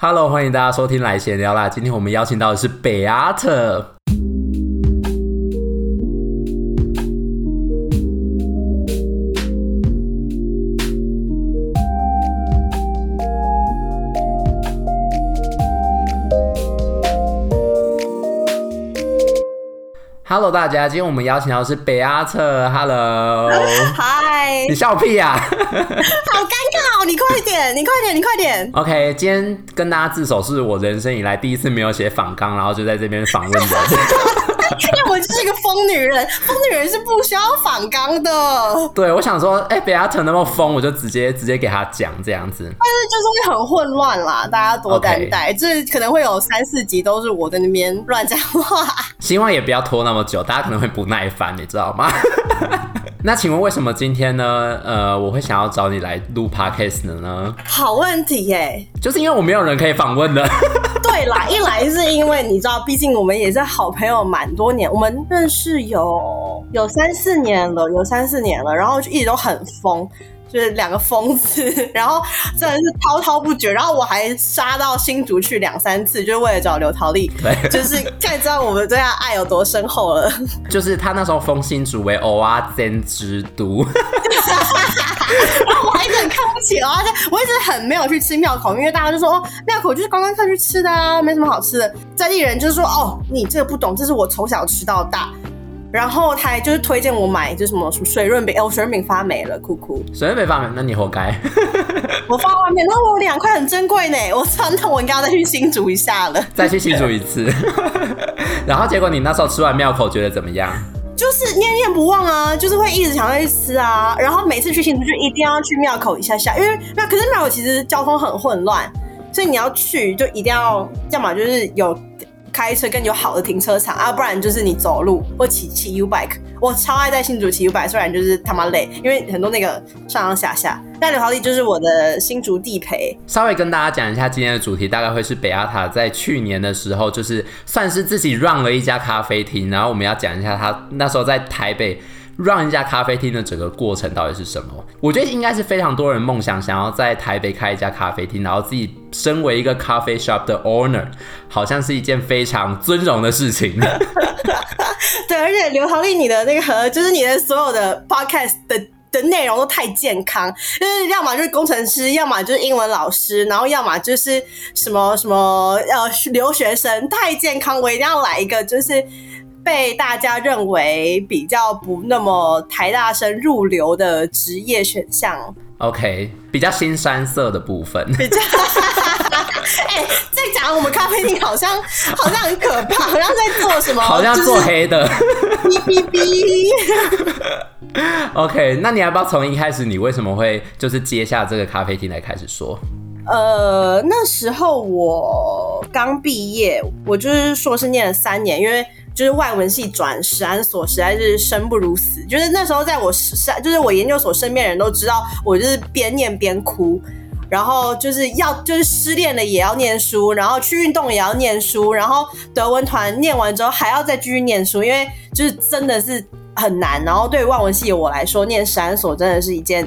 哈嘍，歡迎大家收聽來閒聊啦！今天我們邀請到的是貝阿特。哈嘍，大家！今天我們邀請到的是貝阿特。哈嘍，嗨！你笑屁啊，哈哈哈，好開心。你快點！你快點！你快點！OK，今天跟大家自首，是我人生以來第一次沒有寫訪綱，然後就在這邊訪問的。 我就是一個瘋女人，瘋女人是不需要訪綱的。對，我想說，哎、欸，不要成那麼瘋，我就直接直接給他講這樣子。但是就是會很混亂啦，大家多擔待。是、okay. 可能會有三四集都是我在那邊亂講話。希望也不要拖那麼久，大家可能會不耐煩，你知道嗎？ 那請問為什麼今天呢？呃，我會想要找你來錄 podcast 的呢？好問題耶、欸，就是因為我沒有人可以訪問的。 對啦，一來是因為你知道，畢竟我們也是好朋友，蠻多年，我們認識有有三四年了，有三四年了，然後就一直都很瘋。就是兩個瘋子，然後真的是滔滔不絕，然後我還殺到新竹去兩三次，就是為了找劉桃麗，就是才知道我們這樣愛有多深厚了。就是他那時候封新竹為偶 r 真知 i n 之都， 然後我還很不起哦，而且我一直很沒有去吃廟口，因為大家就說哦，廟口就是剛剛上去吃的啊，沒什麼好吃的。在藝人就是說哦，你這個不懂，這是我從小吃到大。然後他還就是推薦我買，就什麼水潤餅。哎、哦，我水潤餅發霉了，酷酷。水潤餅發霉，那你活該。 我放外面，那我有兩塊很珍貴呢，我操，那我應該要再去新竹一下了。再去新竹一次。 然後結果你那時候吃完廟口覺得怎麼樣？就是念念不忘啊，就是會一直想要去吃啊。然後每次去新竹，就一定要去廟口一下下，因為那可是廟口其實交通很混亂，所以你要去就一定要幹嘛？就是有。開車更有好的停車場啊，不然就是你走路或騎騎 U bike。我超愛在新竹騎 U bike，雖然就是他媽累，因為很多那個上上下下。那劉豪利就是我的新竹地陪。稍微跟大家講一下今天的主題，大概會是 Beate 在去年的時候，就是算是自己 run 了一家咖啡廳，然後我們要講一下他那時候在台北，開一家咖啡廳的整個過程到底是什麼？我覺得應該是非常多人夢想，想要在台北開一家咖啡廳，然後自己身為一個咖啡 shop 的 owner，好像是一件非常尊榮的事情。 對，而且劉豪麗你的那個和就是你的所有的 podcast 的的內容都太健康，就是要麼就是工程師，要麼就是英文老師，然後要麼就是什麼什麼呃留學生，太健康，我一定要來一個就是。被大家認為比較不那麼台大聲入流的職業選項，OK，比較新山色的部分，比較，哎，在講我們咖啡廳好像好像很可怕，好像在做什麼，好像做黑的、就是、 ，OK，那你要不要從一開始你為什麼會就是接下這個咖啡廳來開始說？呃，那時候我剛畢業，我就是說是念了三年，因為就是外文系轉史安所，實在是生不如死。就是那時候，在我身，就是我研究所身邊人都知道，我就是邊念邊哭，然後就是要就是失戀了也要念書，然後去運動也要念書，然後德文團念完之後還要再繼續念書，因為就是真的是很難。然後對於外文系的我來說，念史安所真的是一件。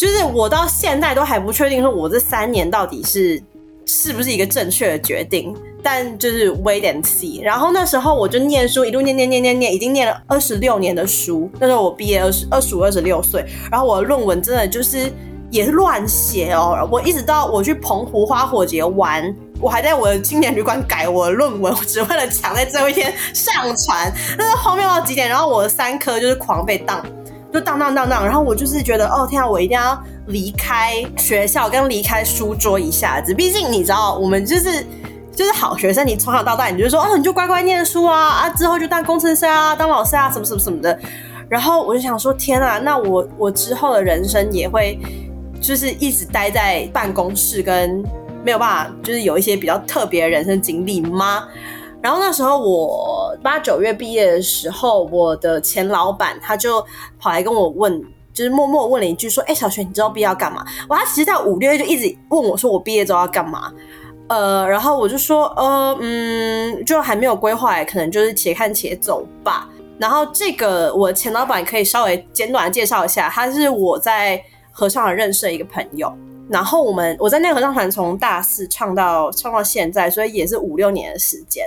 就是我到現在都還不確定，說我這三年到底是是不是一個正確的決定，但就是 wait and see。然後那時候我就念書，一路念念念念念，已經念了二十六年的書。那時候我畢業二十二十五二十六歲，然後我的論文真的就是也是亂寫哦。我一直到我去澎湖花火節玩，我還在我的青年旅館改我的論文，我只為了搶在最後一天上傳，那是荒謬到極點。然後我的三科就是狂被當就當當當當，然後我就是覺得，哦天啊，我一定要離開學校，跟離開書桌一下子。畢竟你知道，我們就是就是好學生，你從小到大，你就說，哦，你就乖乖念書啊啊，之後就當工程師啊，當老師啊，什麼什麼什麼的。然後我就想說，天啊，那我我之後的人生也會就是一直待在辦公室，跟沒有辦法，就是有一些比較特別的人生經歷嗎？然後那時候我八九月畢業的時候，我的前老闆他就跑來跟我問，就是默默問了一句說：“哎，小雪，你知道畢業要幹嘛？”我他其實在五六月就一直問我說：“我畢業之後要幹嘛？”呃，然後我就說：“呃，嗯，就還沒有規劃，可能就是且看且走吧。”然後這個我前老闆可以稍微簡短的介紹一下，他是我在合唱團認識的一個朋友。然後我們，我在那個合唱團從大四唱到唱到現在，所以也是五六年的時間。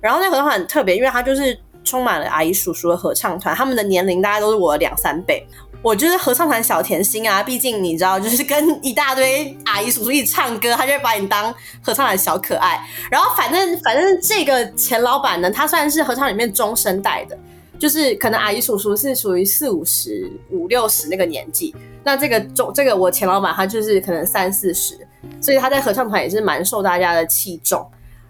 然後那合唱團很特別，因為它就是充滿了阿姨叔叔的合唱團，他們的年齡大概都是我的兩三倍。我就是合唱團小甜心啊，畢竟你知道，就是跟一大堆阿姨叔叔一起唱歌，他就會把你當合唱團小可愛。然後反正反正這個錢老闆呢，他算是合唱團裡面中聲帶的。就是可能阿姨叔叔是屬於四五十五六十那個年紀，那這個中這個我前老板他就是可能三四十，所以他在合唱團也是蠻受大家的器重。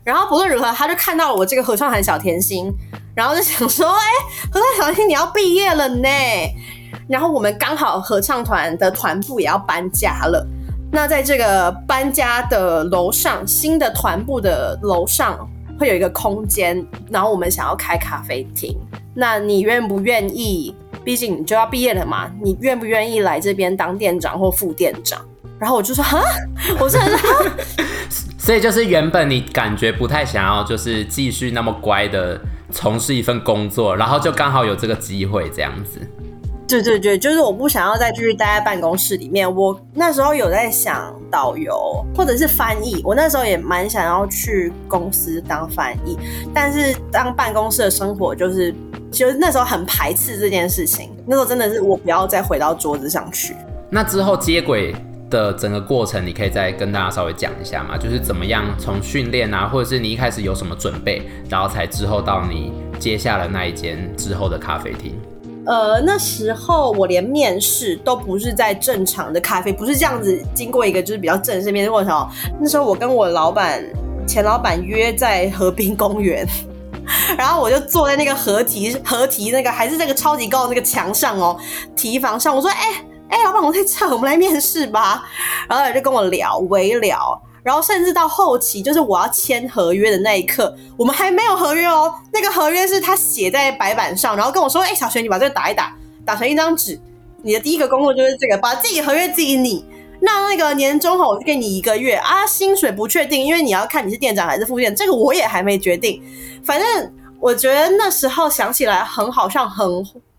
然後不論如何，他就看到了我這個合唱團小甜心，然後就想說：哎、欸，合唱小甜心你要畢業了呢。然後我們剛好合唱團的團部也要搬家了，那在這個搬家的樓上，新的團部的樓上。會有一個空間，然後我們想要開咖啡廳，那你願不願意？畢竟你就要畢業了嘛，你願不願意來這邊當店長或副店長？然後我就說啊，我是很好， 所以就是原本你感覺不太想要，就是繼續那麼乖的從事一份工作，然後就剛好有這個機會這樣子。對對對，就是我不想要再繼續待在辦公室裡面。我那時候有在想導遊或者是翻譯，我那時候也蠻想要去公司當翻譯。但是當辦公室的生活，就是，就是其實那時候很排斥這件事情。那時候真的是我不要再回到桌子上去。那之後接軌的整個過程，你可以再跟大家稍微講一下嗎？就是怎麼樣從訓練啊，或者是你一開始有什麼準備，然後才之後到你接下了那一間之後的咖啡廳。呃，那時候我連面試都不是在正常的咖啡，不是這樣子經過一個就是比較正式面試過程。那時候我跟我老闆前老闆約在河濱公園，然後我就坐在那個河堤河堤那個還是那個超級高的那個牆上哦，堤防上。我說：“哎、欸、哎、欸，老闆，我在這兒，我們來面試吧。”然後他就跟我聊，微聊。然後甚至到後期，就是我要簽合約的那一刻，我們還沒有合約哦。那個合約是他寫在白板上，然後跟我說：“哎、欸，小雪，你把這個打一打，打成一張紙。你的第一個工作就是這個，把自己合約自己擬。那那個年終吼，我就給你一個月啊，薪水不確定，因為你要看你是店長還是副店，這個我也還沒決定。反正我覺得那時候想起來很好，像很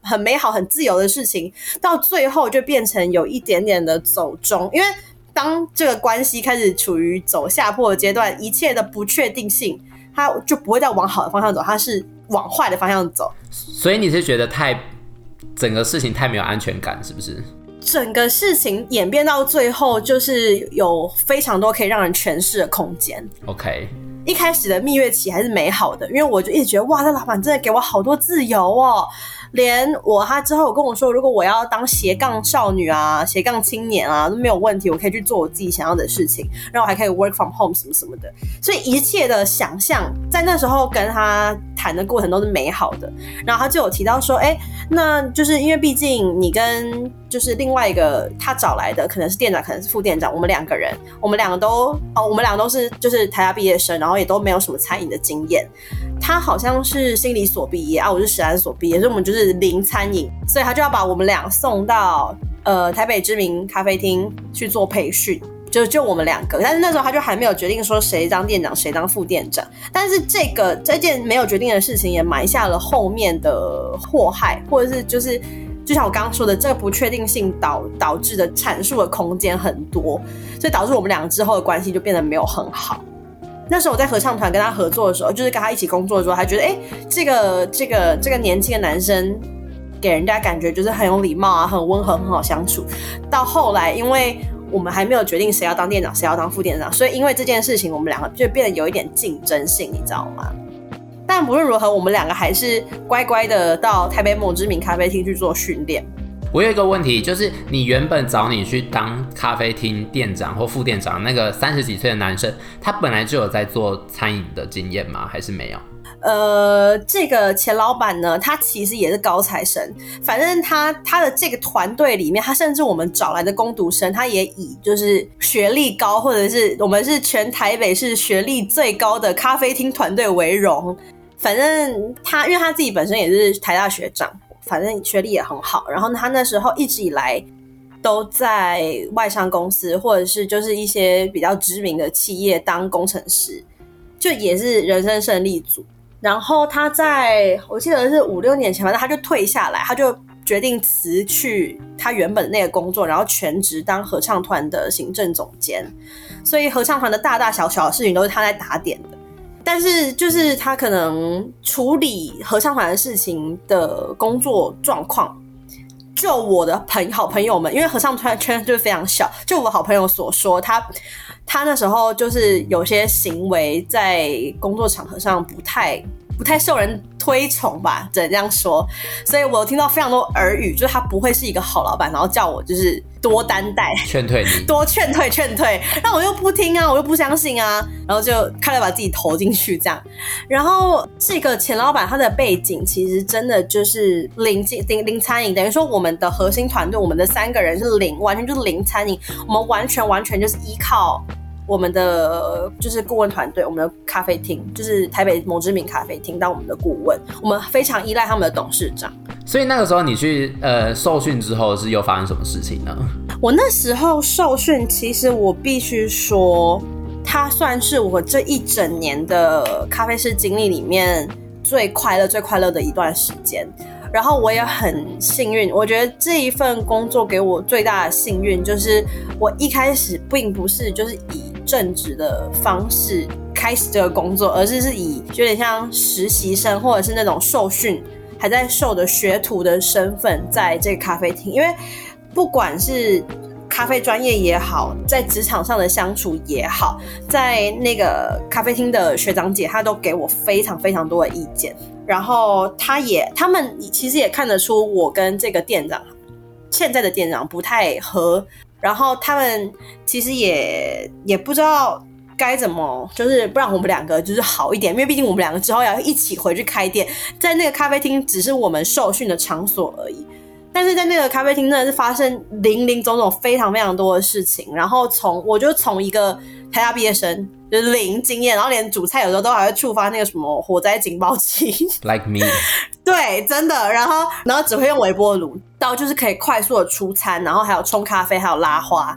很美好、很自由的事情，到最後就變成有一點點的走鐘，因為，當這個關係開始處於走下坡的階段，一切的不確定性，它就不會再往好的方向走，它是往壞的方向走。所以你是覺得太整個事情太沒有安全感，是不是？整個事情演變到最後，就是有非常多可以讓人詮釋的空間。OK，一開始的蜜月期還是美好的，因為我就一直覺得哇，這老板真的給我好多自由哦。連我他之後跟我說，如果我要當斜槓少女啊、斜槓青年啊都沒有問題，我可以去做我自己想要的事情，然後我還可以 work from home 什麼什麼的，所以一切的想象在那時候跟他談的過程都是美好的。然後他就有提到說，哎、欸，那就是因為畢竟你跟。就是另外一個他找來的，可能是店長，可能是副店長。我們兩個人，我們兩個都哦，我們兩個都是就是台大畢業生，然後也都沒有什麼餐飲的經驗。他好像是心理所畢業啊，我是史安所畢業，所以我們就是零餐飲，所以他就要把我們倆送到呃台北知名咖啡廳去做培訓，就就我們兩個。但是那時候他就還沒有決定說誰當店長，誰當副店長。但是這個這件沒有決定的事情也埋下了後面的禍害，或者是就是。就像我剛剛說的，這個不確定性導導致的闡述的空間很多，所以導致我們兩個之後的關係就變得沒有很好。那時候我在合唱團跟他合作的時候，就是跟他一起工作的時候，還覺得誒，這個這個這個年輕的男生給人家感覺就是很有禮貌啊，很溫和，很好相處。到後來，因為我們還沒有決定誰要當店長，誰要當副店長，所以因為這件事情，我們兩個就變得有一點競爭性，你知道嗎？但不論如何，我們兩個還是乖乖的到台北某知名咖啡廳去做訓練。我有一個問題，就是你原本找你去當咖啡廳店長或副店長那個三十幾歲的男生，他本來就有在做餐飲的經驗嗎？還是沒有？呃，這個前老闆呢，他其實也是高材生。反正他他的這個團隊裡面，他甚至我們找來的工讀生，他也以就是學歷高，或者是我們是全台北市學歷最高的咖啡廳團隊為榮。反正他，因為他自己本身也是台大學長，反正學歷也很好。然後他那時候一直以來都在外商公司，或者是就是一些比較知名的企業當工程師，就也是人生勝利組。然後他在，我記得是五六年前吧，他就退下來，他就決定辭去他原本的那個工作，然後全職當合唱團的行政總監。所以合唱團的大大小小的事情都是他在打點的。但是就是他可能處理合唱團的事情的工作狀況，就我的朋好朋友們，因為合唱團圈就是非常小，就我好朋友所說，他他那時候就是有些行為在工作場合上不太。不太受人推崇吧，只能這樣說。所以我有聽到非常多耳語，就是他不會是一個好老板，然後叫我就是多擔待，勸退你，多勸退，勸退。然後我又不聽啊，我又不相信啊，然後就開始把自己投進去這樣。然後這個前老板他的背景其實真的就是零經零零餐飲，等於說我們的核心團隊，我們的三個人是零，完全就是零餐飲，我們完全完全就是依靠。我們的就是顧問團隊，我們的咖啡廳就是台北某知名咖啡廳，當我們的顧問，我們非常依賴他們的董事長。所以那個時候，你去呃受訓之後，是又發生什麼事情呢？我那時候受訓，其實我必須說，他算是我這一整年的咖啡師經歷裡面最快樂、最快樂的一段時間。然後我也很幸運，我覺得這一份工作給我最大的幸運，就是我一開始並不是就是以正職的方式開始這個工作，而是是以有點像實習生或者是那種受訓、還在受的學徒的身份，在這個咖啡廳。因為不管是咖啡專業也好，在職場上的相處也好，在那個咖啡廳的學長姐，她都給我非常非常多的意見。然後她也，他們其實也看得出我跟這個店長現在的店長不太合。然後他們其實也也不知道該怎麼，就是不讓我們兩個就是好一點，因為畢竟我們兩個之後要一起回去開店，在那個咖啡廳只是我們受訓的場所而已。但是在那個咖啡廳真的是發生林林種種非常非常多的事情，然後從我就從一個台大畢業生就是、零經驗，然後連煮菜有時候都還會觸發那個什麼火災警報器。Like me 。對，真的，然後然後只會用微波爐，然後就是可以快速的出餐，然後還有沖咖啡，還有拉花。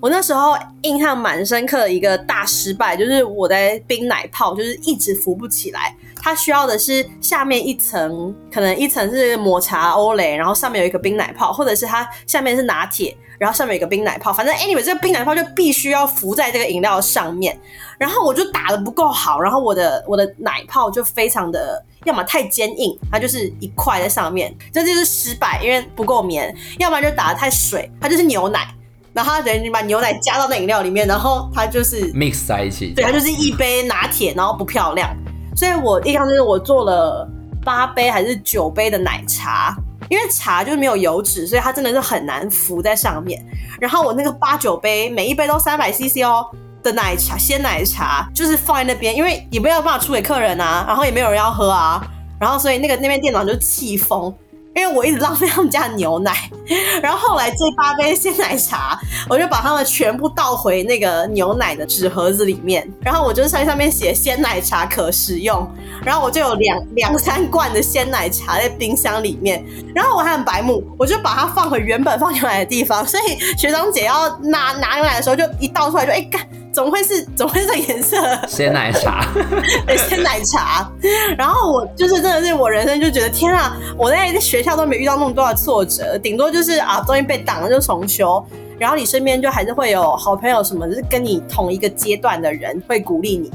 我那時候印象蠻深刻的一個大失敗，就是我的冰奶泡就是一直浮不起來。它需要的是下面一層，可能一層是抹茶歐蕾，然後上面有一個冰奶泡，或者是它下面是拿鐵，然後上面有一個冰奶泡。反正 anyway 這個冰奶泡就必須要浮在這個飲料上面。然後我就打得不夠好，然後我的我的奶泡就非常的要麼太堅硬，它就是一塊在上面，這就是失敗，因為不夠綿；要不然就打得太水，它就是牛奶。然後等於你把牛奶加到那飲料裡面，然後它就是 mix 在一起。對，它就是一杯拿鐵， 然後不漂亮。所以我印象就是我做了八杯還是九杯的奶茶，因為茶就是沒有油脂，所以它真的是很難浮在上面。然後我那個八九杯每一杯都三百 cc 哦的奶茶，鮮奶茶就是放在那邊，因為也沒有辦法出給客人啊，然後也沒有人要喝啊，然後所以那個那邊店長就氣瘋因為我一直浪費他們家的牛奶，然後後來這八杯鮮奶茶，我就把它們全部倒回那個牛奶的紙盒子裡面，然後我就在上面寫“鮮奶茶可食用”，然後我就有兩兩三罐的鮮奶茶在冰箱裡面，然後我還很白目，我就把它放回原本放牛奶的地方，所以學長姐要拿拿牛奶的時候就一倒出來就哎，幹。總會是，總會是這顏色鮮奶茶，鮮、 欸、奶茶。然後我就是真的是我人生就覺得天啊，我在個學校都沒遇到那麼多的挫折，頂多就是啊，終於被擋了就重修。然後你身邊就還是會有好朋友，什麼就是跟你同一個階段的人會鼓勵你，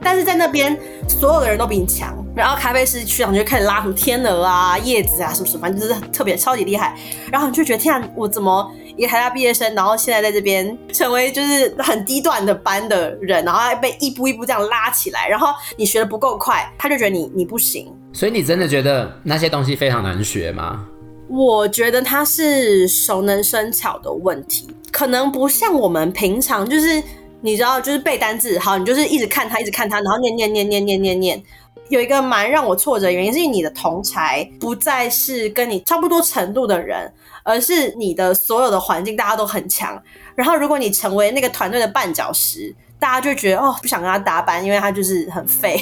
但是在那邊所有的人都比你強。然後咖啡師區長就開始拉什麼天鵝啊、葉子啊，什麼什麼，就是特別超級厲害。然後你就覺得天啊，我怎麼一個台大畢業生，然後現在在這邊成為就是很低段的班的人，然後還被一步一步這樣拉起來。然後你學得不夠快，他就覺得你你不行。所以你真的覺得那些東西非常難學嗎？我覺得它是熟能生巧的問題，可能不像我們平常就是你知道，就是背單字。好，你就是一直看它，一直看它，然後念念念念念念念念。有一個蠻讓我挫折的原因，是因為你的同儕，不再是跟你差不多程度的人，而是你的所有的環境，大家都很強。然後如果你成為那個團隊的絆腳石，大家就覺得哦，不想跟他搭班，因為他就是很廢。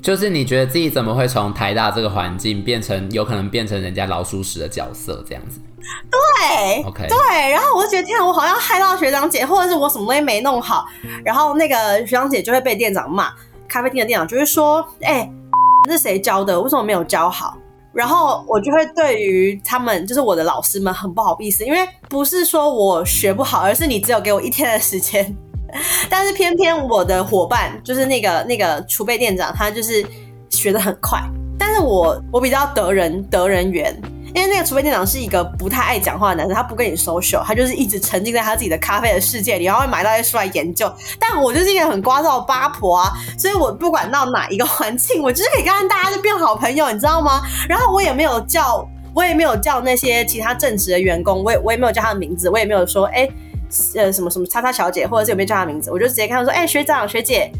就是你覺得自己怎麼會從台大這個環境變成有可能變成人家老鼠屎的角色這樣子？對，OK，對。然後我就覺得天啊，我好像害到學長姐，或者是我什麼東西沒弄好、嗯，然後那個學長姐就會被店長罵，咖啡廳的店長就會說，哎、欸。那是誰教的？為什麼沒有教好？然後我就會對於他們，就是我的老師們，很不好意思，因為不是說我學不好，而是你只有給我一天的時間。但是偏偏我的夥伴，就是那個那個儲備店長，他就是學得很快，但是我我比較得人得人緣。因為那個儲備店長是一個不太愛講話的男生，他不跟你 social，他就是一直沉浸在他自己的咖啡的世界裡，然後會買那些書來研究。但我就是一個很聒噪的八婆啊，所以我不管到哪一個環境，我就是可以跟大家就變好朋友，你知道嗎？然後我也沒有叫，我也沒有叫那些其他正職的員工，我也我也沒有叫他的名字，我也沒有說哎、欸、呃什麼什麼叉叉小姐，或者是有沒有叫他的名字，我就直接看他說哎、欸、學長學姐。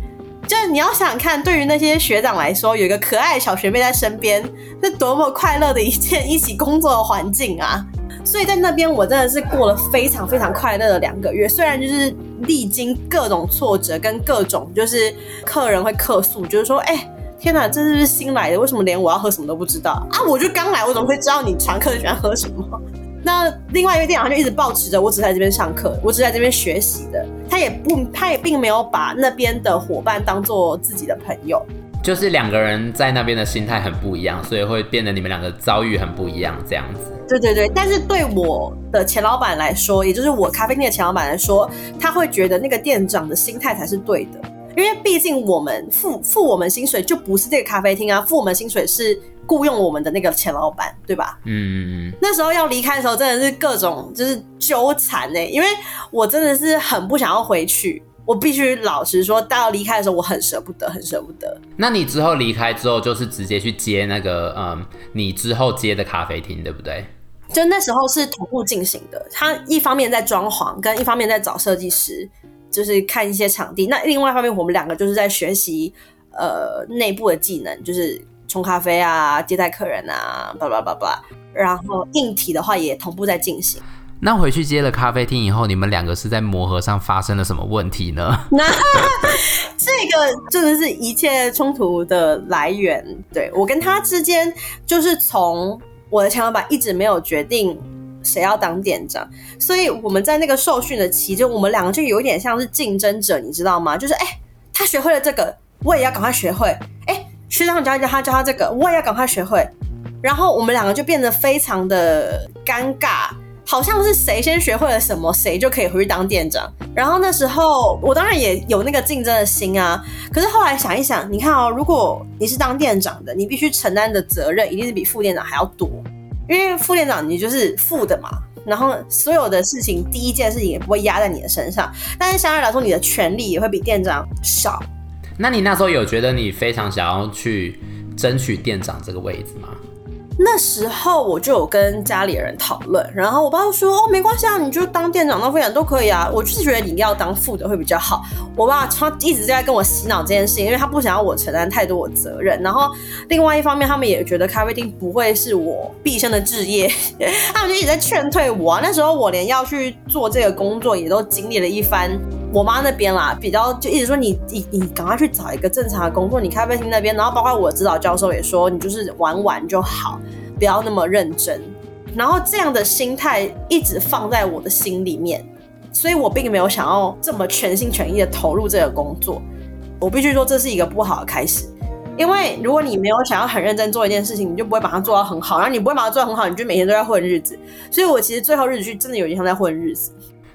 就是你要想看，對於那些學長來說，有一個可愛的小學妹在身邊，是多麼快樂的一件一起工作的環境啊！所以在那邊，我真的是過了非常非常快樂的兩個月。雖然就是歷經各種挫折，跟各種就是客人會客訴，就是說，哎、欸，天哪，這是新來的，為什麼連我要喝什麼都不知道啊？我就剛來，我怎麼會知道你常客喜歡喝什麼？那另外一個店，我就一直保持着，我只是在這邊上課，我只是在這邊學習的。他也不，他也並沒有把那邊的夥伴當做自己的朋友，就是兩個人在那邊的心態很不一樣，所以會變得你們兩個遭遇，很不一樣這樣子。對對對，但是對我的前老闆來說，也就是我咖啡店的前老闆來說，他會覺得那個店長的心態才是對的，因為畢竟我們付付我們薪水就不是這個咖啡廳啊，付我們薪水是。雇傭我們的那個前老板，對吧？嗯，那時候要離開的時候，真的是各種就是糾纏呢、欸，因為我真的是很不想要回去，我必須老實說，到離開的時候，我很舍不得，很舍不得。那你之後離開之後，就是直接去接那個，嗯，你之後接的咖啡廳，對不對？就那時候是同步進行的，他一方面在裝潢，跟一方面在找設計師，就是看一些場地。那另外一方面，我們兩個就是在學習，呃，內部的技能，就是。沖咖啡啊，接待客人啊，叭叭叭叭，然後硬體的話也同步在進行。那回去接了咖啡廳以後，你們兩個是在磨合上發生了什麼問題呢？那 這個真的是一切衝突的來源。對，我跟他之間，就是從我的前老闆一直沒有決定誰要當店長，所以我們在那個受訓的期間，我們兩個就有點像是競爭者，你知道嗎？就是哎、欸，他學會了這個，我也要趕快學會。去讓他教他教他，他這個，我也要趕快學會。然後我們兩個就變得非常的尷尬，好像是誰先學會了什麼，誰就可以回去當店長。然後那時候我當然也有那個競爭的心啊。可是後來想一想，你看哦，如果你是當店長的，你必須承擔的責任一定是比副店長還要多，因為副店長你就是副的嘛。然後所有的事情第一件事情也不會壓在你的身上，但是相對來說你的權利也會比店長少。那你那時候有覺得你非常想要去爭取店長這個位置嗎？那時候我就有跟家裡人討論，然後我爸就說：“哦，沒關係啊，你就當店長、當副長都可以啊。”我就是覺得你要當副的會比較好。我爸他一直在跟我洗腦這件事情，因為他不想要我承擔太多的責任。然後另外一方面，他們也覺得咖啡廳不會是我畢生的志業，他們就一直在勸退我啊。那時候我連要去做這個工作，也都經歷了一番。我媽那邊啦，比較就一直說你你你趕快去找一個正常的工作，你咖啡廳那邊，然後包括我的指導教授也說你就是玩玩就好，不要那麼認真。然後這樣的心態一直放在我的心裡面，所以我並沒有想要這麼全心全意的投入這個工作。我必須說，這是一個不好的開始，因為如果你沒有想要很認真做一件事情，你就不會把它做到很好，然後你不會把它做到很好，你就每天都在混日子。所以我其實最後日子就真的有點像在混日子。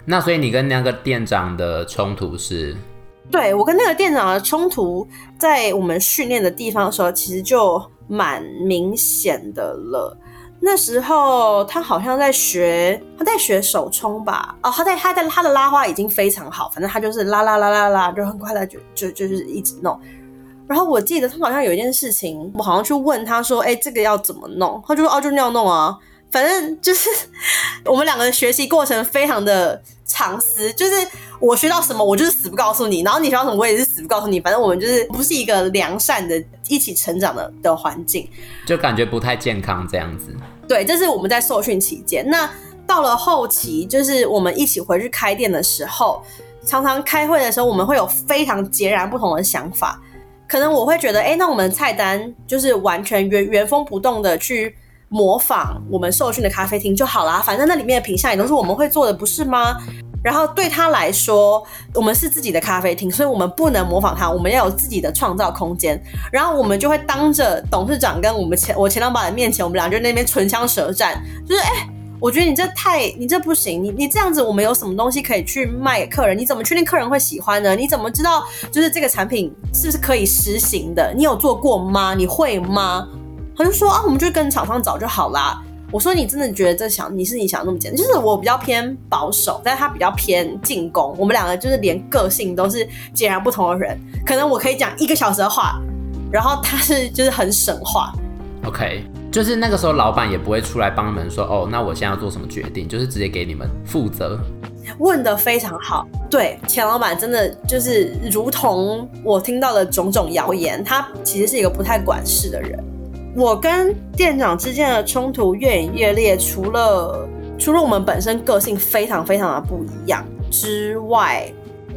那所以你跟那個店長的衝突是？對，我跟那個店長的衝突，在我們訓練的地方的時候，其實就蠻明顯的了。那時候他好像在學，他在學手沖吧？哦，他在他在他的拉花已經非常好，反正他就是拉、拉、拉、拉、拉，就很快的就就就是一直弄。然後我記得他好像有一件事情，我好像去問他說：“哎，這個要怎麼弄？”他就說：“哦，就那樣弄啊，反正就是我們兩個學習過程非常的。”藏私，就是我學到什麼，我就是死不告訴你；然後你學到什麼，我也是死不告訴你。反正我們就是不是一個良善的、一起成長的的環境，就感覺不太健康這樣子。對，這是我們在受訓期間。那到了後期，就是我們一起回去開店的時候，常常開會的時候，我們會有非常截然不同的想法。可能我會覺得，哎、欸，那我們菜單就是完全原原封不動的去。模仿我們受訓的咖啡廳就好啦、啊，反正那裡面的品項也都是我們會做的，不是嗎？然後對他來說，我們是自己的咖啡廳，所以我們不能模仿他，我們要有自己的創造空間。然後我們就會當着董事長跟我們前我前老闆的面前，我們倆就那邊唇槍舌戰，就是哎、欸，我覺得你這太你這不行，你你這樣子我們有什麼東西可以去賣給客人？你怎麼確定客人會喜歡呢？你怎麼知道就是這個產品是不是可以實行的？你有做過嗎？你會嗎？他就說啊，我們就跟廠商找就好啦。我說你真的覺得這想你是你想那麼簡單？就是我比較偏保守，但是他比較偏進攻。我們兩個就是連個性都是截然不同的人。可能我可以講一個小時的話，然後他是就是很省話。OK，就是那個時候老闆也不會出來幫你們說哦，那我現在要做什麼決定？就是直接給你們負責。問得非常好，對錢老闆真的就是如同我聽到的種種謠言，他其實是一個不太管事的人。我跟店長之間的衝突越演越烈，除了除了我們本身個性非常非常的不一樣之外，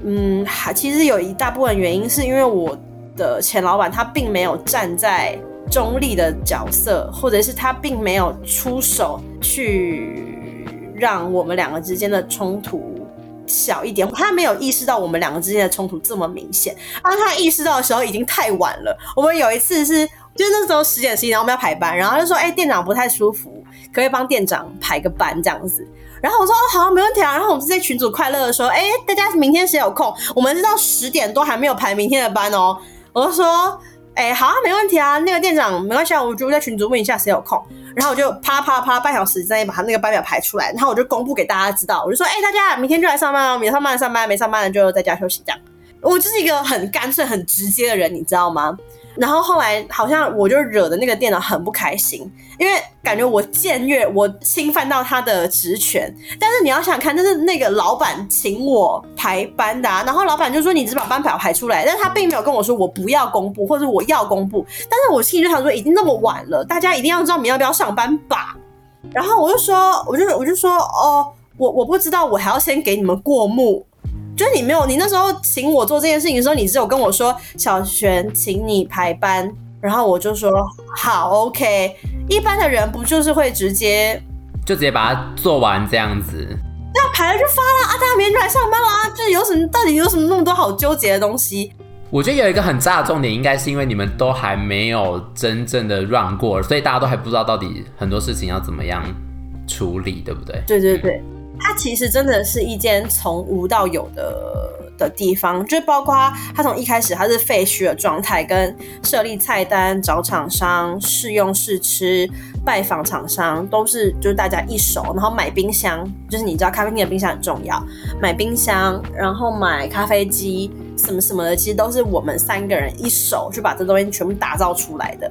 嗯，還其實有一大部分原因是因為我的前老闆他並沒有站在中立的角色，或者是他並沒有出手去讓我們兩個之間的衝突小一點，他沒有意識到我們兩個之間的衝突這麼明顯，當他意識到的時候已經太晚了。我們有一次是。就是那時候十點十一，然後我們要排班，然後就說：“哎，店長不太舒服，可以幫店長排個班這樣子。”然後我說：“哦，好，沒問題啊。”然後我們這些群組快樂的說：“哎，大家明天誰有空？我們是到十點多還沒有排明天的班哦。”我就說：“哎，好啊，沒問題啊。那個店長沒關係啊，我就在群組問一下誰有空。”然後我就啪啪啪啪半小時之內把他那個班表排出來，然後我就公布給大家知道。我就說：“哎，大家明天就來上班哦，明天上班上班，沒上班了就在家休息。”這樣，我就是一個很乾脆、很直接的人，你知道嗎？然後後來好像我就惹的那個店長,很不開心，因為感覺我僭越，我侵犯到他的職權。但是你要想看，那是那個老闆請我排班的，啊，然後老闆就說你只把班表排出來，但他並沒有跟我說我不要公布或者我要公布。但是我心裡就想說已經那麼晚了，大家一定要知道你要不要上班吧。然後我就說，我就我就說，哦，我我不知道，我還要先給你們過目。所以你沒有，你那時候請我做這件事情的時候，你只有跟我說小璇，請你排班，然後我就說好，OK。一般的人不就是會直接就直接把它做完這樣子，那要排了就發了啊，大家明天就來上班了啊，這有什麼？到底有什麼那麼多好糾結的東西？我覺得有一個很炸的重點，應該是因為你們都還沒有真正的 run 過，所以大家都還不知道到底很多事情要怎麼樣處理，對不對？對對對。它其實真的是一間從無到有的的地方，就是包括它從一開始它是廢墟的狀態，跟設立菜單、找廠商、試用試吃、拜訪廠商，都是就是大家一手，然後買冰箱，就是你知道咖啡店的冰箱很重要，買冰箱，然後買咖啡機，什麼什麼的，其實都是我們三個人一手去把這東西全部打造出來的。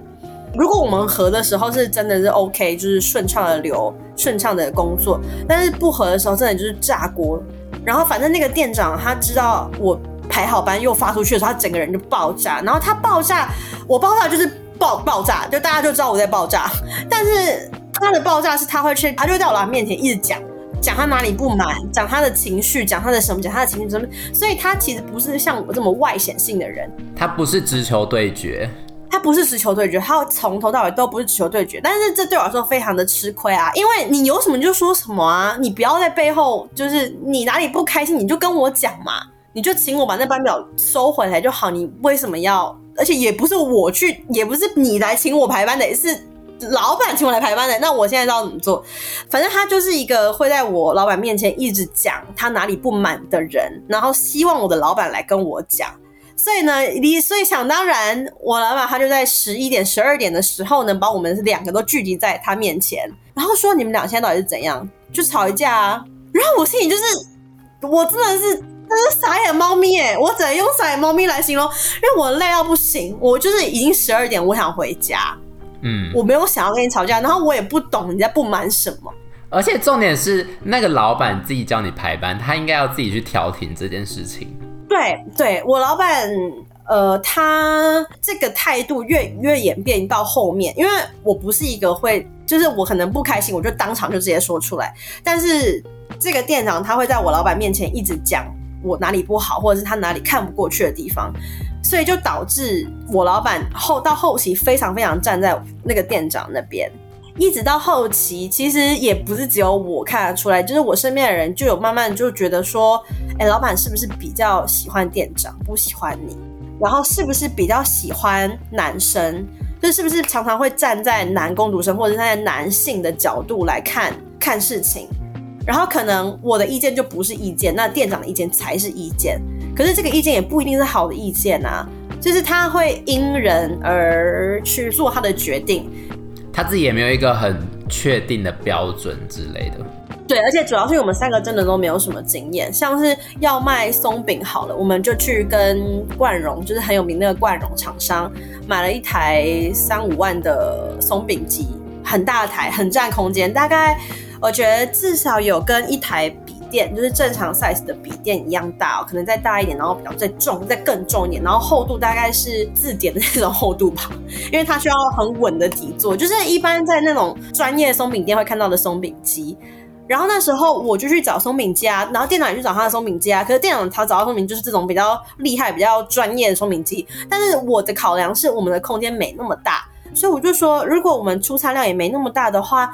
如果我們合的時候是真的是 OK，就是順暢的流，順暢的工作。但是不合的時候，真的就是炸鍋。然後反正那個店長他知道我排好班又發出去的時候，他整個人就爆炸。然後他爆炸，我爆炸就是爆爆炸，就大家就知道我在爆炸。但是他的爆炸是他會去，他就在我的面前一直講講他哪裡不滿，講他的情緒，講他的什麼，講他的情緒什麼。所以他其實不是像我這麼外顯性的人。他不是直球對決。他不是直球對決，他從頭到尾都不是直球對決。但是這對我來說非常的吃虧啊！因為你有什麼就說什麼啊，你不要在背後，就是你哪裡不開心你就跟我講嘛，你就請我把那班表收回來就好。你為什麼要？而且也不是我去，也不是你來請我排班的，是老闆請我來排班的。那我現在知道怎麼做。反正他就是一個會在我老闆面前一直講他哪裡不滿的人，然後希望我的老闆來跟我講。所以呢，你所以想當然，我老板他就在十一點、十二點的時候呢，把我們兩個都聚集在他面前，然後說你們倆現在到底是怎樣，就吵一架啊。然後我心裡就是，我真的是真是傻眼貓咪哎、欸，我只能用傻眼貓咪來形容，因為我累到不行，我就是已經十二點，我想回家，嗯，我沒有想要跟你吵架，然後我也不懂你在不滿什麼，而且重點是那個老板自己叫你排班，他應該要自己去調停這件事情。對對，我老闆，呃，他這個態度越越演變到後面，因為我不是一個會，就是我可能不開心，我就當場就直接說出來。但是這個店長他會在我老闆面前一直講我哪裡不好，或者是他哪裡看不過去的地方，所以就導致我老闆後到後期非常非常站在那個店長那邊。一直到後期，其實也不是只有我看得出來，就是我身邊的人就有慢慢就覺得說，哎、欸，老闆是不是比較喜歡店長，不喜歡你？然後是不是比較喜歡男生？就是，是不是常常會站在男工、讀生或者站在男性的角度來看看事情？然後可能我的意見就不是意見，那店長的意見才是意見。可是這個意見也不一定是好的意見啊，就是他會因人而去做他的決定。他自己也沒有一個很確定的標準之類的。對，而且主要是我們三個真的都沒有什麼經驗，像是要賣鬆餅好了，我們就去跟冠榮，就是很有名的那個冠榮廠商，買了一台三五萬的鬆餅機，很大的台，很佔空間，大概我覺得至少有跟一台電就是正常 size 的筆電一樣大，哦，可能再大一點，然後比較再重，再更重一點，然後厚度大概是字典的那種厚度吧，因為它需要很穩的底座，就是一般在那種專業鬆餅店會看到的鬆餅機。然後那時候我就去找鬆餅機啊，然後店長也去找他的鬆餅機啊，可是店長他找到鬆餅就是這種比較厲害、比較專業的鬆餅機，但是我的考量是我們的空間沒那麼大，所以我就說，如果我們出餐量也沒那麼大的話。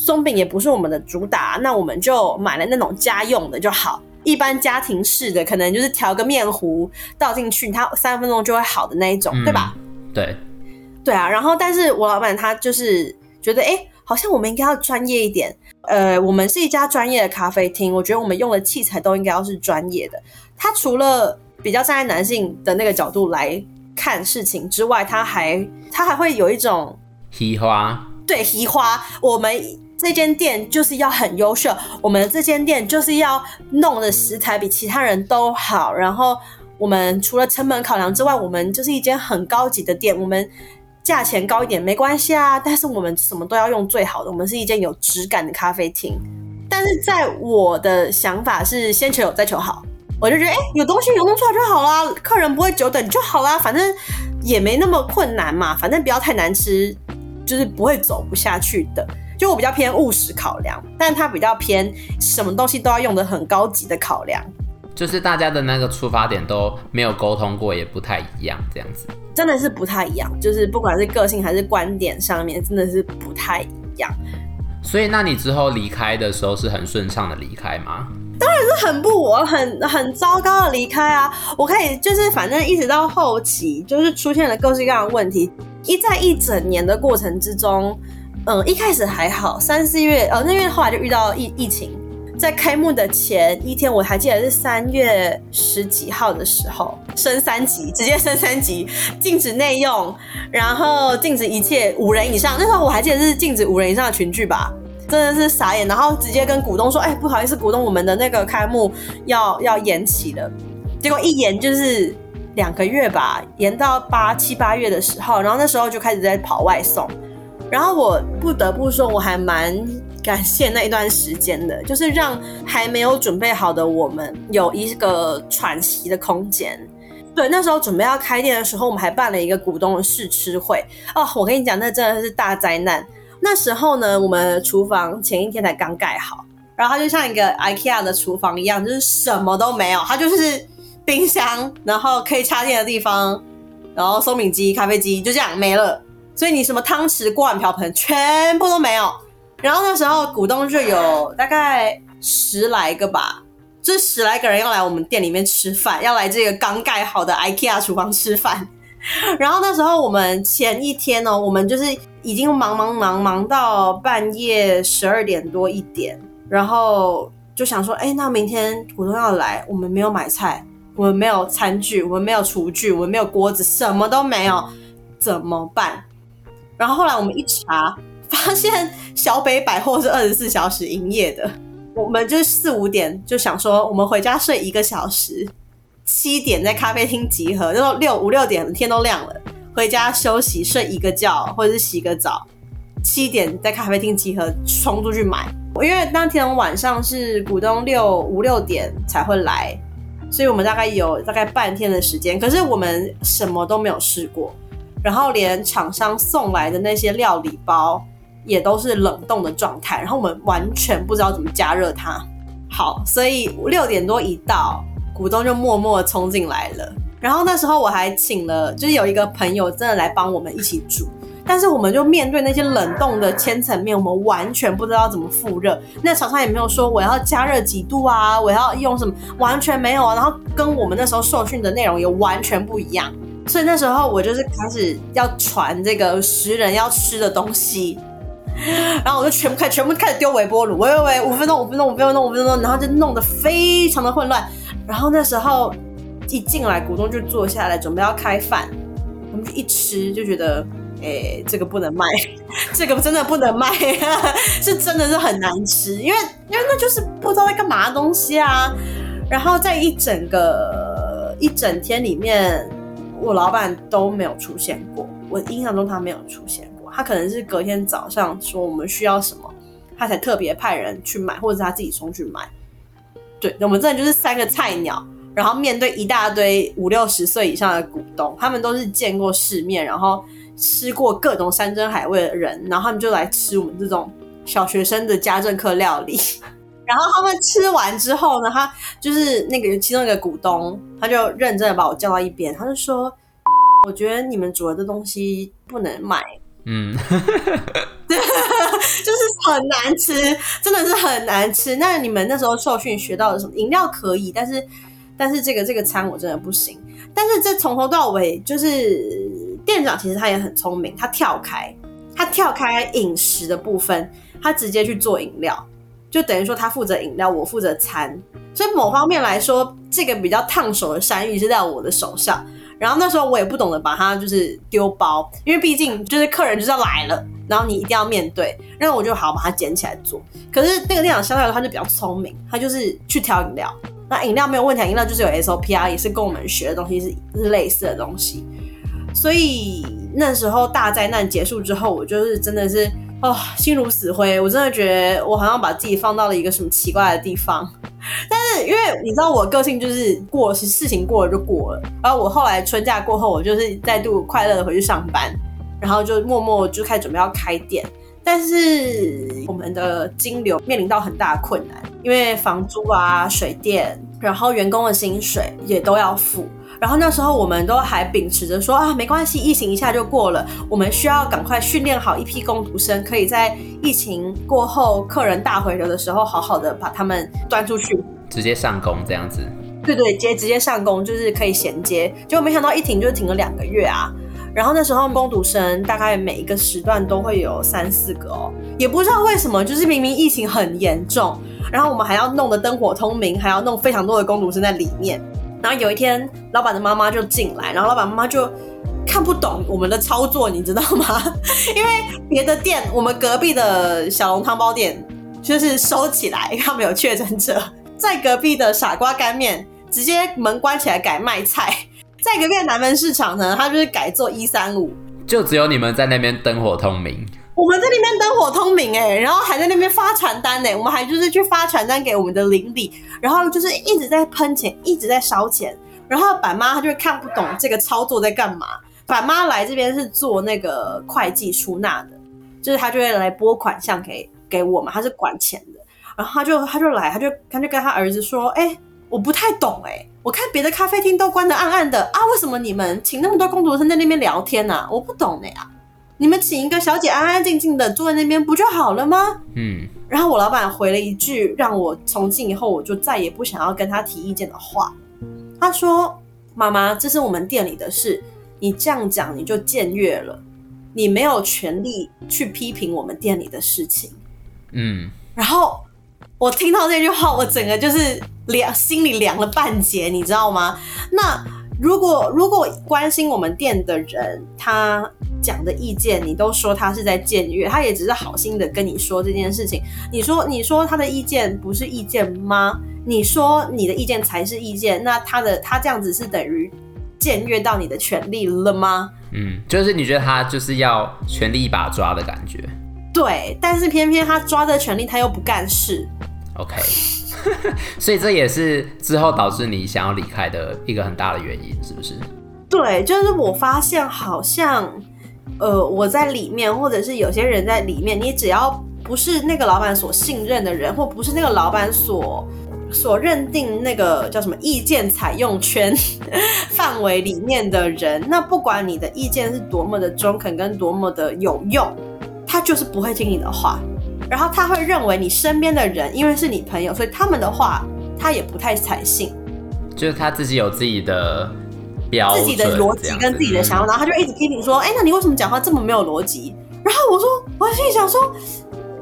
鬆餅也不是我們的主打，那我們就買了那種家用的就好。一般家庭式的，可能就是調個麵糊倒進去，它三分鐘就會好的那一種，嗯，對吧？對，對啊。然後，但是我老闆他就是覺得，哎、欸，好像我們應該要專業一點。呃，我們是一家專業的咖啡廳，我覺得我們用的器材都應該要是專業的。他除了比較站在男性的那個角度來看事情之外，他還他還會有一種，嘻花，對，嘻花，我們。這間店就是要很優秀，我們這間店就是要弄的食材比其他人都好，然後我們除了成本考量之外，我們就是一間很高級的店，我們價錢高一點沒關係啊，但是我們什麼都要用最好的，我們是一間有質感的咖啡廳。但是在我的想法是先求有再求好，我就覺得哎、欸，有東西有弄出來就好啦，客人不會久等就好啦，反正也沒那麼困難嘛，反正不要太難吃，就是不會走不下去的。就我比較偏務實考量，但他比較偏什麼東西都要用得很高級的考量，就是大家的那個出發點都沒有溝通過，也不太一樣，這樣子真的是不太一樣，就是不管是個性還是觀點上面，真的是不太一樣。所以，那你之後離開的時候是很順暢的離開嗎？當然是很不，我很很糟糕的離開啊！我可以就是反正一直到後期，就是出現了各式各樣的問題，一在一整年的過程之中。嗯，一開始還好，三四月，呃，那因為後來就遇到疫疫情，在開幕的前一天，我還記得是三月十幾號的時候升三級，直接升三級，禁止內用，然後禁止一切五人以上，那時候我還記得是禁止五人以上的群聚吧，真的是傻眼，然後直接跟股東說，哎，不好意思，股東，我們的那個開幕要要延期了，結果一延就是兩個月吧，延到八七八月的時候，然後那時候就開始在跑外送。然後我不得不說，我還蠻感謝那一段時間的，就是讓還沒有準備好的我們有一個喘息的空間。對，那時候準備要開店的時候，我們還辦了一個股東試吃會。哦，我跟你講，那真的是大災難。那時候呢，我們廚房前一天才剛蓋好，然後它就像一個 IKEA 的廚房一樣，就是什麼都沒有，它就是冰箱，然後可以插電的地方，然後鬆餅機、咖啡機，就這樣沒了。所以你什麼湯匙、鍋碗瓢盆全部都沒有。然後那時候股東就有大概十來個吧，這十來個人要來我們店裡面吃飯，要來這個剛蓋好的 IKEA 廚房吃飯。然後那時候我們前一天呢、哦，我們就是已經忙忙忙忙到半夜十二點多一點，然後就想說，哎，那明天股東要來，我們沒有買菜，我們沒有餐具，我們沒有廚具，我們沒有鍋子，什麼都沒有，怎麼辦？然後後來我們一查，發現小北百貨是二十四小時營業的，我們就四五點就想說，我們回家睡一個小時，七點在咖啡廳集合，然後六五六點天都亮了，回家休息睡一個覺或者是洗個澡，七點在咖啡廳集合衝出去買。因為當天晚上是股東六五六點才會來，所以我們大概有大概半天的時間，可是我們什麼都沒有試過。然後連廠商送來的那些料理包也都是冷凍的狀態，然後我們完全不知道怎麼加熱它。好，所以六點多一到，股東就默默衝進來了。然後那時候我還請了，就是有一個朋友真的來幫我們一起煮。但是我們就面對那些冷凍的千層麵，我們完全不知道怎麼復熱。那廠商也沒有說我要加熱幾度啊，我要用什麼，完全沒有啊。然後跟我們那時候受訓的內容也完全不一樣。所以那時候我就是開始要傳這個食人要吃的東西，然後我就全部開，全部開始丟微波爐，餵餵餵，五分鐘，五分鐘，五分鐘，五分鐘，然後就弄得非常的混亂。然後那時候一進來，股東就坐下來準備要開飯，我們一吃就覺得，哎、欸，這個不能賣，這個真的不能賣， 是真的是很難吃，因為因為那就是不知道在幹嘛的東西啊。然後在一整個一整天裡面。我老闆都沒有出現過，我印象中他沒有出現過。他可能是隔天早上說我們需要什麼，他才特別派人去買，或者是他自己衝去買。對，我們這裡就是三個菜鳥，然後面對一大堆五六十歲以上的股東，他們都是見過世面，然後吃過各種山珍海味的人，然後他們就來吃我們這種小學生的家政課料理。然後他們吃完之後呢，他就是那個其中一個股東，他就認真的把我叫到一邊，他就說：“我覺得你們煮的東西不能賣嗯， 對，就是很難吃，真的是很難吃。那你們那時候受訓學到的什麼飲料可以，但是但是這個這個餐我真的不行。但是這從頭到尾，就是店長其實他也很聰明，他跳開，他跳開飲食的部分，他直接去做飲料。”就等於說他負責飲料，我負責餐，所以某方面來說，這個比較燙手的山芋是在我的手上。然後那時候我也不懂得把它就是丟包，因為畢竟就是客人就要來了，然後你一定要面對，那我就好把它撿起來做。可是那個店長相對來說他就比較聰明，他就是去挑飲料，那飲料沒有問題，飲料就是有 SOP 啊，也是跟我們學的東西是類似的東西。所以那時候大災難結束之後，我就是真的是。啊、哦，心如死灰，我真的覺得我好像把自己放到了一個什麼奇怪的地方。但是因為你知道，我個性就是過，事情過了就過了。然後我後來春假過後，我就是再度快樂的回去上班，然後就默默就開始準備要開店。但是我們的金流面臨到很大的困難，因為房租啊、水電，然後員工的薪水也都要付。然後那時候我們都還秉持着說啊，沒關係，疫情一下就過了。我們需要趕快訓練好一批工讀生，可以在疫情過後客人大回流的時候，好好的把他們端出去，直接上工這樣子。對對，直接直接上工，就是可以銜接。結果沒想到一停就停了兩個月啊。然後那時候工讀生大概每一個時段都會有三四個哦，也不知道為什麼，就是明明疫情很嚴重，然後我們還要弄得燈火通明，還要弄非常多的工讀生在裡面。然後有一天，老闆的媽媽就進來，然後老闆媽媽就看不懂我們的操作，你知道嗎？因為別的店，我們隔壁的小籠湯包店就是收起來，他們有確診者；在隔壁的傻瓜乾麵直接門關起來改賣菜；在隔壁的南門市場呢，他就是改做一三五，就只有你們在那邊燈火通明。我們在那邊燈火通明哎、欸，然後還在那邊發傳單哎、欸，我們還就是去發傳單給我們的鄰里，然後就是一直在噴錢，一直在燒錢，然後板媽她就看不懂這個操作在幹嘛。板媽來這邊是做那個會計出納的，就是她就會來撥款項給給我們，她是管錢的。然後她就她就來，她就她就跟她兒子說，哎、欸，我不太懂哎、欸，我看別的咖啡廳都關的暗暗的啊，為什麼你們請那麼多工讀生在那邊聊天啊？我不懂的、欸、呀、啊。你們請一個小姐安安靜靜地坐在那邊不就好了嗎？嗯，然後我老板回了一句讓我從今以後我就再也不想要跟他提意見的話。他說：“媽媽，這是我們店裡的事，你這樣講你就僭越了，你沒有權利去批評我們店裡的事情。”嗯，然後我聽到這句話，我整個就是涼，心裡涼了半截，你知道嗎？那。如果如果關心我們店的人，他講的意見，你都說他是在僭越，他也只是好心的跟你說這件事情。你說你說他的意見不是意見嗎？你說你的意見才是意見，那他的，他這樣子是等於僭越到你的權利了嗎？嗯，就是你覺得他就是要權力一把抓的感覺。對，但是偏偏他抓的權力他又不幹事。OK。 所以這也是之後導致你想要離開的一個很大的原因，是不是？對，就是我發現好像，呃，我在裡面，或者是有些人在裡面，你只要不是那個老闆所信任的人，或不是那個老闆所所認定那個叫什麼意見採用圈範 圍裡面的人，那不管你的意見是多麼的中肯跟多麼的有用，他就是不會聽你的話。然後他會認為你身邊的人，因為是你朋友，所以他們的話他也不太採信，就是他自己有自己的標準，自己的邏輯跟自己的想法，嗯、然後他就一直批評說：“哎，那你為什麼講話這麼沒有邏輯？”然後我說：“我是想說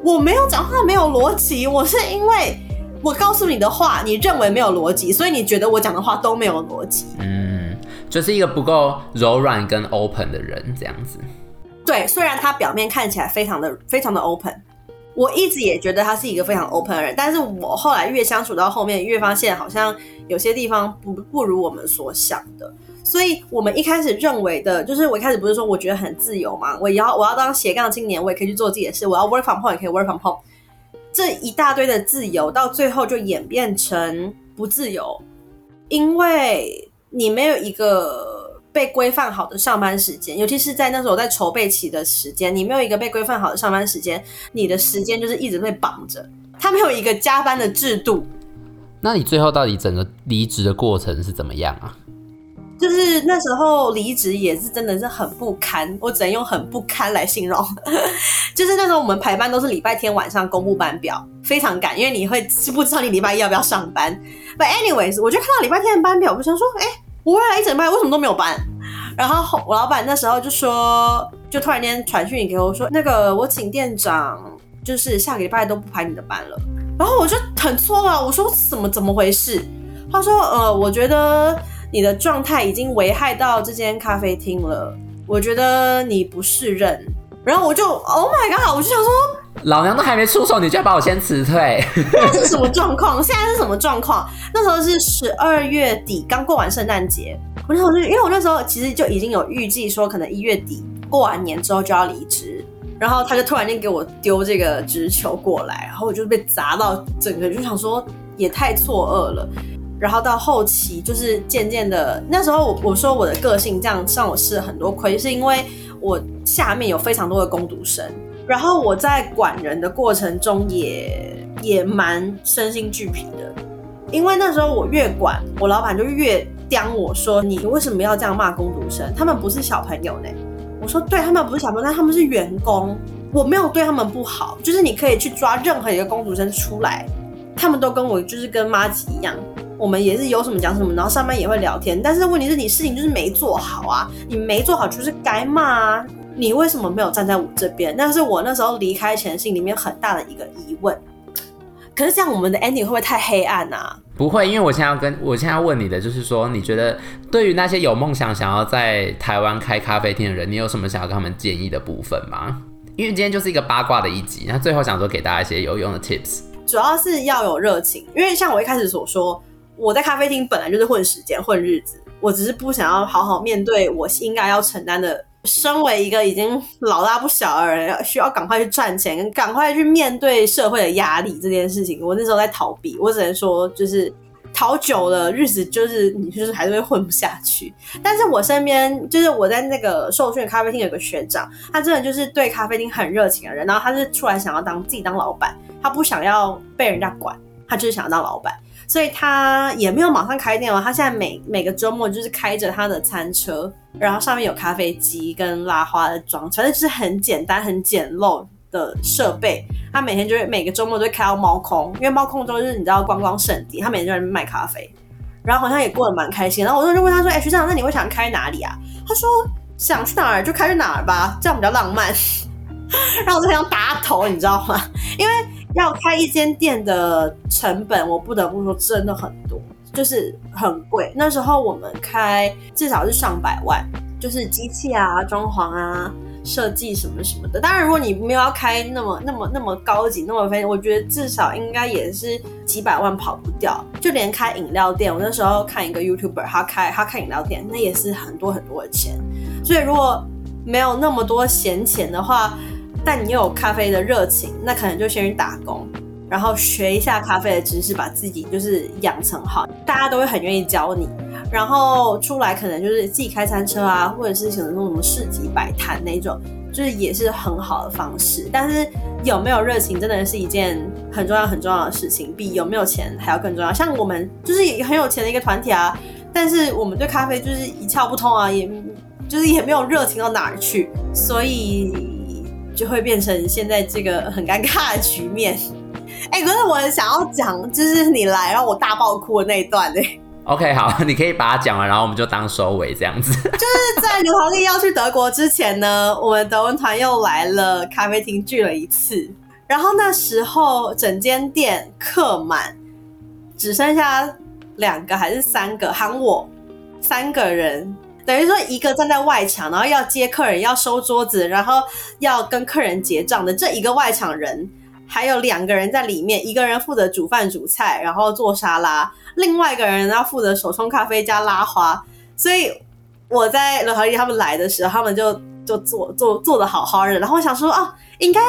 我沒有講話沒有邏輯，我是因為我告訴你的話，你認為沒有邏輯，所以你覺得我講的話都沒有邏輯。”嗯，就是一個不夠柔軟跟 open 的人這樣子。對，雖然他表面看起來非常的非常的 open。我一直也覺得他是一個非常 open 的人，但是我後來越相處到後面，越發現好像有些地方不不如我們所想的。所以，我們一開始認為的，就是我一開始不是說我覺得很自由嘛？我要我要當斜槓青年，我也可以去做自己的事，我要 work from home 也可以 work from home，這一大堆的自由，到最後就演變成不自由，因為你沒有一個。被規範好的上班時間，尤其是在那時候我在籌備期的時間，你沒有一個被規範好的上班時間，你的時間就是一直被綁着。他沒有一個加班的制度。那你最後到底整個離職的過程是怎麼樣啊？就是那時候離職也是真的是很不堪，我只能用很不堪來形容。就是那時候我們排班都是禮拜天晚上公布班表，非常趕，因為你會是不知道你禮拜一要不要上班。But anyways，我就看到禮拜天的班表，我就想說，哎、欸。我會來一整排，為什麼都沒有班？然後我老板那時候就說，就突然間傳訊息給我說，說那個我請店長，就是下個禮拜都不排你的班了。然後我就很錯啊，我說怎麼怎麼回事？他說呃，我覺得你的狀態已經危害到這間咖啡廳了，我覺得你不適任。然後我就 Oh my God，我就想說。老娘都還沒出手，你就要把我先辭退？那是什麼狀況？現在是什麼狀況？那時候是十二月底，剛過完聖誕節。我那時候，因為我那時候其實就已經有預計說，可能一月底過完年之後就要離職。然後他就突然間給我丟這個直球過來，然後我就被砸到，整個就想說也太錯愕了。然後到後期就是漸漸的，那時候我我說我的個性這樣讓我吃了很多虧，是因為我下面有非常多的工讀生。然後我在管人的過程中也也蠻身心俱疲的，因為那時候我越管，我老板就越刁我說，你為什麼要這樣罵工讀生？他們不是小朋友呢。我說，對，他們不是小朋友，但他們是員工，我沒有對他們不好。就是你可以去抓任何一個工讀生出來，他們都跟我就是跟麻吉一樣，我們也是有什麼講什麼，然後上班也會聊天。但是問題是你事情就是沒做好啊，你沒做好就是該罵啊。你為什麼沒有站在我這邊？但是我那時候離開前心裡面很大的一個疑問。可是這樣，我們的 ending 會不會太黑暗啊？不會，因為我現在要跟我現在要問你的，就是說，你覺得對於那些有夢想想要在台灣開咖啡廳的人，你有什麼想要跟他們建議的部分嗎？因為今天就是一個八卦的一集，那最後想說給大家一些有用的 tips，主要是要有熱情。因為像我一開始所說，我在咖啡廳本來就是混時間、混日子，我只是不想要好好面對我應該要承擔的。身為一個已經老大不小的人，要需要趕快去賺錢，趕快去面對社會的壓力這件事情，我那時候在逃避。我只能說，就是逃久了日子，就是你就是還是會混不下去。但是我身邊，就是我在那個受訓咖啡廳有個學長，他真的就是對咖啡廳很熱情的人，然後他是出來想要當自己當老闆，他不想要被人家管，他就是想要當老闆。所以他也沒有馬上開店哦，他現在每每個周末就是開着他的餐車，然後上面有咖啡機跟拉花的裝車，全是很簡單很簡陋的設備。他每天就是每個周末都開到貓空，因為貓空周日你知道觀光聖地，他每天就在賣咖啡，然後好像也過得蠻開心。然後我就就問他說：“哎、欸，學長，那你會想開哪裡啊？”他說：“想去哪兒就開去哪兒吧，這樣比較浪漫。 ”然後我就想打頭，你知道嗎？因為。要開一間店的成本，我不得不說真的很多，就是很貴。那時候我們開至少是上百萬，就是機器啊、裝潢啊、設計什麼什麼的。當然，如果你沒有要開那麼那麼那麼高級、那麼非，我覺得至少應該也是幾百萬跑不掉。就連開飲料店，我那時候看一個 YouTuber，他開他開飲料店，那也是很多很多的錢。所以，如果沒有那麼多閒錢的話，但你又有咖啡的熱情，那可能就先去打工，然後學一下咖啡的知識，把自己就是養成好。大家都會很願意教你，然後出來可能就是自己開餐車啊，或者是選擇什麼市集擺攤那種，就是也是很好的方式。但是有沒有熱情，真的是一件很重要很重要的事情，比有沒有錢還要更重要。像我們就是也很有錢的一個團體啊，但是我們對咖啡就是一竅不通啊，也就是也沒有熱情到哪兒去，所以。就會變成現在這個很尷尬的局面。哎、欸，可是我很想要講，就是你來讓我大爆哭的那一段、欸。哎，OK，好，你可以把它講完，然後我們就當收尾這樣子。就是在劉豪麗要去德國之前呢，我們德文團又來了咖啡廳聚了一次，然後那時候整間店客滿，只剩下兩個還是三個喊我，三個人。等於說一個站在外場，然後要接客人、要收桌子，然後要跟客人結賬的這一個外場人，還有兩個人在裡面，一個人負責煮飯煮菜，然後做沙拉，另外一個人要負責手沖咖啡加拉花。所以我在羅小麗他們來的時候，他們就就坐坐坐的好好的。然後我想說啊、哦，應該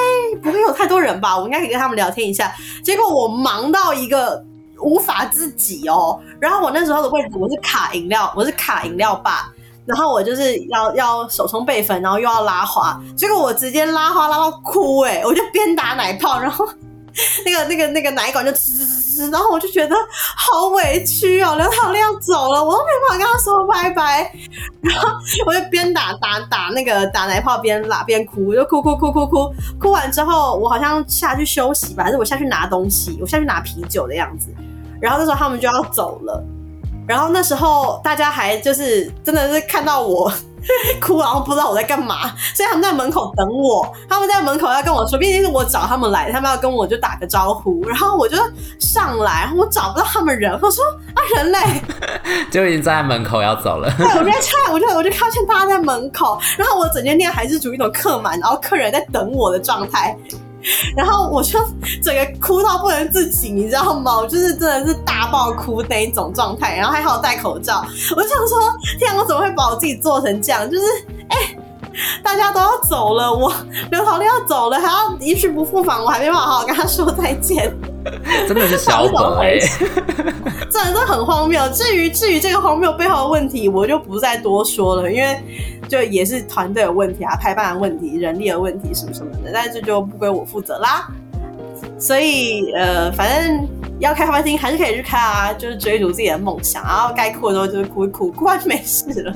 不會有太多人吧，我應該可以跟他們聊天一下。結果我忙到一個無法自己哦。然後我那時候的位置，我是卡飲料，我是卡飲料霸。然後我就是要要手沖備粉，然後又要拉花，結果我直接拉花拉，拉到哭哎、欸！我就邊打奶泡，然後那個那個那個奶管就吱吱吱吱，然後我就覺得好委屈哦，劉唐亮走了，我都沒辦法跟他說拜拜，然後我就邊打打打那個打奶泡邊拉邊哭，我就哭哭哭哭哭哭完之後，我好像下去休息吧，還是我下去拿東西？我下去拿啤酒的樣子，然後那時候他們就要走了。然後那時候大家還就是真的是看到我哭，然後不知道我在幹嘛，所以他們在門口等我。他們在門口要跟我說，畢竟是我找他們來，他們要跟我就打個招呼。然後我就上來，我找不到他們人，我說啊人類，就已經在門口要走了。對、 哎，我出來我就我就發現大家在門口，然後我整間店還是屬於一種客滿，然後客人在等我的狀態。然後我就整個哭到不能自己，你知道嗎？我就是真的是大爆哭的一種狀態。然後還好戴口罩，我就想說，天啊，我怎麼會把我自己做成這樣？就是哎。欸大家都要走了，我劉桃麗要走了，還要一去不復返，我還沒辦法好好跟他說再見，真的是小鬼，真的都很荒謬。至於至於這個荒謬背後的問題，我就不再多說了，因為就也是團隊的問題啊，拍板的問題、人力的問題什麼什麼的，但這就不歸我負責啦。所以，呃，反正要咖啡廳還是可以去開啊，就是追逐自己的夢想。然後該哭的時候就是哭一哭，哭完就沒事了。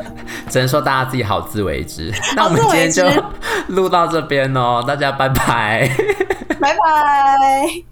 只能說大家自己好自為之。 好自為之，那我們今天就錄到這邊哦，大家拜拜，拜 拜。